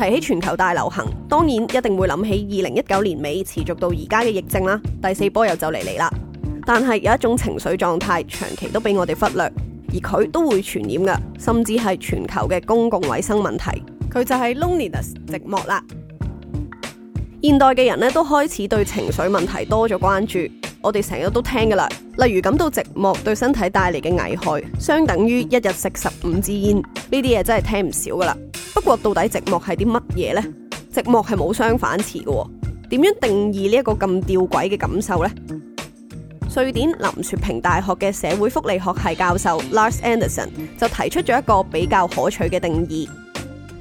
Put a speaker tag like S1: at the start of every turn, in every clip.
S1: 提起全球大流行，當然一定會諗起二零一九年尾持續到而家嘅疫症啦。第四波又就嚟嚟啦。但係有一種情緒狀態，長期都俾我哋忽略，而佢都會傳染㗎，甚至係全球嘅公共衞生問題。佢就係 loneliness 寂寞啦。現代嘅人呢都開始對情緒問題多咗關注。我哋成日都聽噶啦，例如感到寂寞對身體帶嚟嘅危害，相等於一日食十五支煙。呢啲嘢真係聽唔少噶啦。不過到底寂寞係啲乜嘢呢？寂寞係冇相反詞嘅，點樣定義呢一個咁吊詭嘅感受呢？瑞典林雪平大學嘅社會福利學系教授 Lars Anderson 就提出咗一個比較可取嘅定義，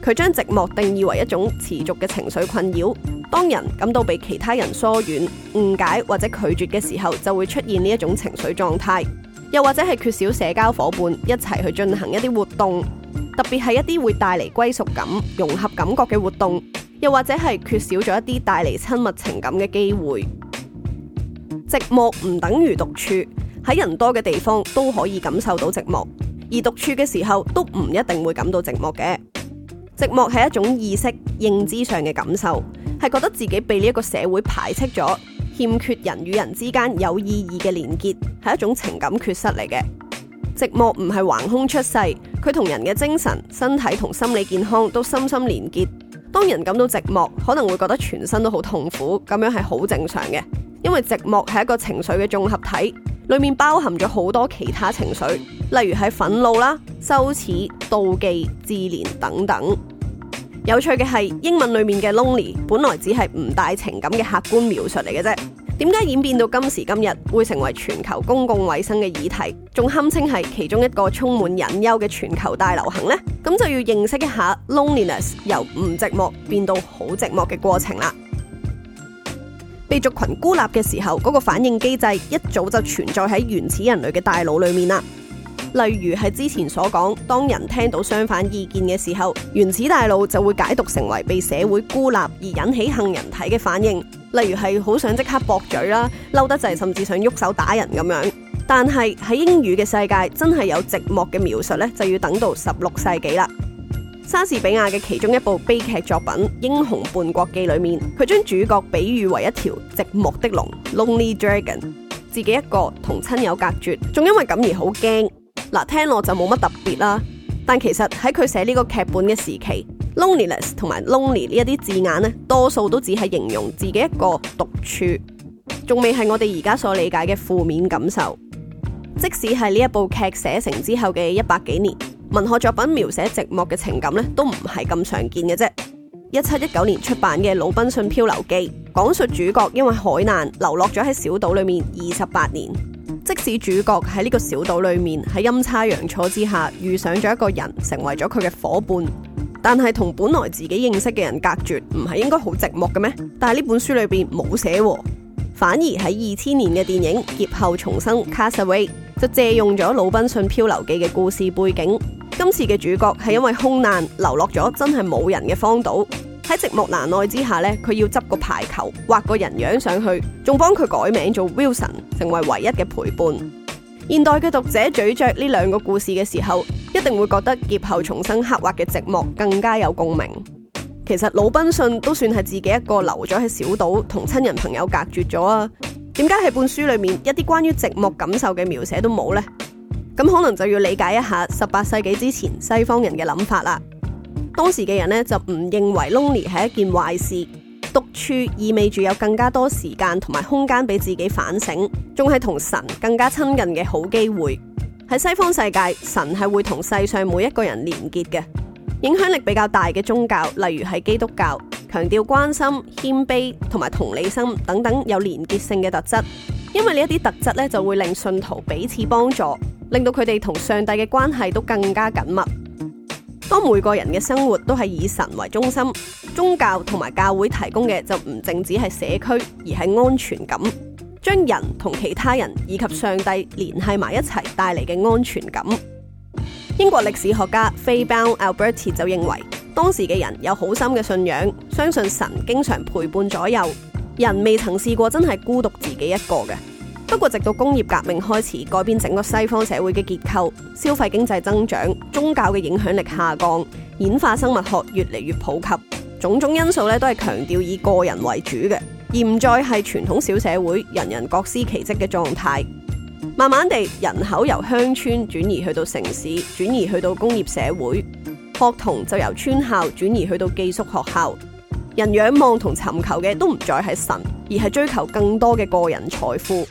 S1: 佢將寂寞定義為一種持續嘅情緒困擾，當人感到被其他人疏遠、誤解或者拒絕嘅時候，就會出現呢一種情緒狀態，又或者係缺少社交夥伴一齊去進行一啲活動。特別係一啲會帶嚟歸屬感、融合感覺嘅活動，又或者係缺少咗一啲帶嚟親密情感嘅機會。寂寞唔等於獨處，喺人多嘅地方都可以感受到寂寞，而獨處嘅時候都唔一定會感到寂寞嘅。寂寞係一種意識、認知上嘅感受，係覺得自己被呢一個社會排斥咗，欠缺人與人之間有意義嘅連結，係一種情感缺失嚟嘅。寂寞唔係橫空出世，佢同人嘅精神、身體同心理健康都深深連結。當人感到寂寞，可能會覺得全身都好痛苦，咁樣係好正常嘅。因為寂寞係一個情緒嘅綜合體，裏面包含咗好多其他情緒，例如係憤怒啦、羞恥、妒忌、自憐等等。有趣嘅係，英文裏面嘅 lonely 本來只係唔帶情感嘅客觀描述嚟嘅啫。點解演變到今時今日會成為全球公共衛生嘅議題，仲堪稱係其中一個充滿隱憂嘅全球大流行呢？咁就要認識一下 loneliness 由唔寂寞變到好寂寞嘅過程啦。被族群孤立嘅時候，嗰個反應機制一早就存在喺原始人類嘅大腦裏面啦。例如係之前所講，當人聽到相反意見嘅時候，原始大腦就會解讀成為被社會孤立而引起杏仁體嘅反應。例如係好想即刻駁嘴啦，嬲得滯，甚至想喐手打人咁樣。但係喺英語嘅世界，真係有寂寞嘅描述呢，就要等到十六世紀啦。莎士比亞嘅其中一部悲劇作品《英雄叛國記》裏面，佢將主角比喻為一條寂寞的龍 （lonely dragon），自己一個同親友隔絕，仲因為咁而好驚。嗱，聽落就冇乜特別啦。但其實喺佢寫呢個劇本嘅時期。Loneliness 同埋 lonely 呢一啲字眼，呢多數都只係形容自己一個獨處，仲未係我哋而家所理解嘅負面感受。即使係呢一部劇寫成之後嘅一百幾年，文學作品描寫寂寞嘅情感，呢都唔係咁常見嘅啫。一七一九年出版嘅《魯濱遜漂流記》，講述主角因為海難流落咗喺小島裏面二十八年。即使主角喺呢個小島裏面喺陰差陽錯之下遇上咗一個人，成為咗佢嘅夥伴。但係同本來自己認識嘅人隔絕，唔係應該好寂寞嘅咩？但係呢本書裏邊冇寫喎，反而喺二千年嘅電影《劫後重生》（Castaway） 就借用咗《魯濱遜漂流記》嘅故事背景。今次嘅主角係因為空難流落咗真係冇人嘅荒島，喺寂寞難耐之下呢，佢要執個排球畫個人樣上去，仲幫佢改名做 Wilson，成為唯一嘅陪伴。現代嘅讀者咀嚼呢兩個故事嘅時候，一定會覺得劫後重生刻畫嘅寂寞更加有共鳴。其實魯濱遜都算係自己一個留咗喺小島，同親人朋友隔絕咗啊。點解喺本書裏面一啲關於寂寞感受嘅描寫都冇呢？咁可能就要理解一下十八世紀之前西方人嘅諗法啦。當時嘅人呢，就唔認為 lonely 係一件壞事，獨處意味住有更加多時間同埋空間俾自己反省，仲係同神更加親近嘅好機會。喺西方世界，神係會同世上每一個人連結嘅，影響力比較大嘅宗教，例如係基督教，強調關心、謙卑同埋同理心等等有連結性嘅特質，因為呢一啲特質咧就會令信徒彼此幫助，令到佢哋同上帝嘅關係都更加緊密。當每個人嘅生活都係以神為中心，宗教同埋教會提供嘅就唔淨止係社區，而係安全感。將人同其他人以及上帝聯繫埋一齊，帶嚟嘅安全感。英國歷史學家 Fay Bound Alberti 就認為，當時嘅人有好深嘅信仰，相信神經常陪伴左右，人未曾試過真係孤獨自己一個嘅。不過，直到工業革命開始改變整個西方社會嘅結構，消費經濟增長，宗教嘅影響力下降，演化生物學越嚟越普及，種種因素咧都係強調以個人為主嘅。而唔再係傳統小社會，人人各司其職嘅狀態。慢慢地，人口由鄉村轉移去到城市，轉移去到工業社會。學童就由村校轉移去到寄宿學校。人仰望同尋求嘅都唔再係神，而係追求更多嘅個人財富。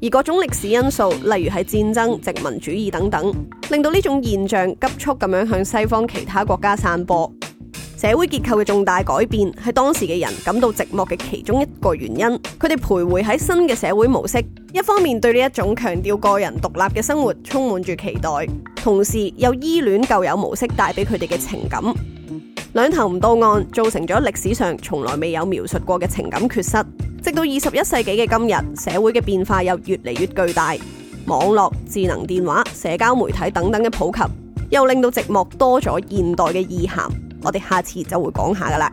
S1: 而各種歷史因素，例如係戰爭、殖民主義等等，令到呢種現象急速咁樣向西方其他國家散播。社會結構嘅重大改變係當時嘅人感到寂寞嘅其中一個原因，佢哋徘徊喺新嘅社會模式，一方面對呢一種強調個人獨立嘅生活充滿住期待，同時又依戀舊有模式帶俾佢哋嘅情感，兩頭唔到岸，造成咗歷史上從來未有描述過嘅情感缺失。直到二十一世紀嘅今日，社會嘅變化又越嚟越巨大，網絡、智能電話、社交媒體等等嘅普及，又令到寂寞多咗現代嘅意涵。我哋下次就會講下啦。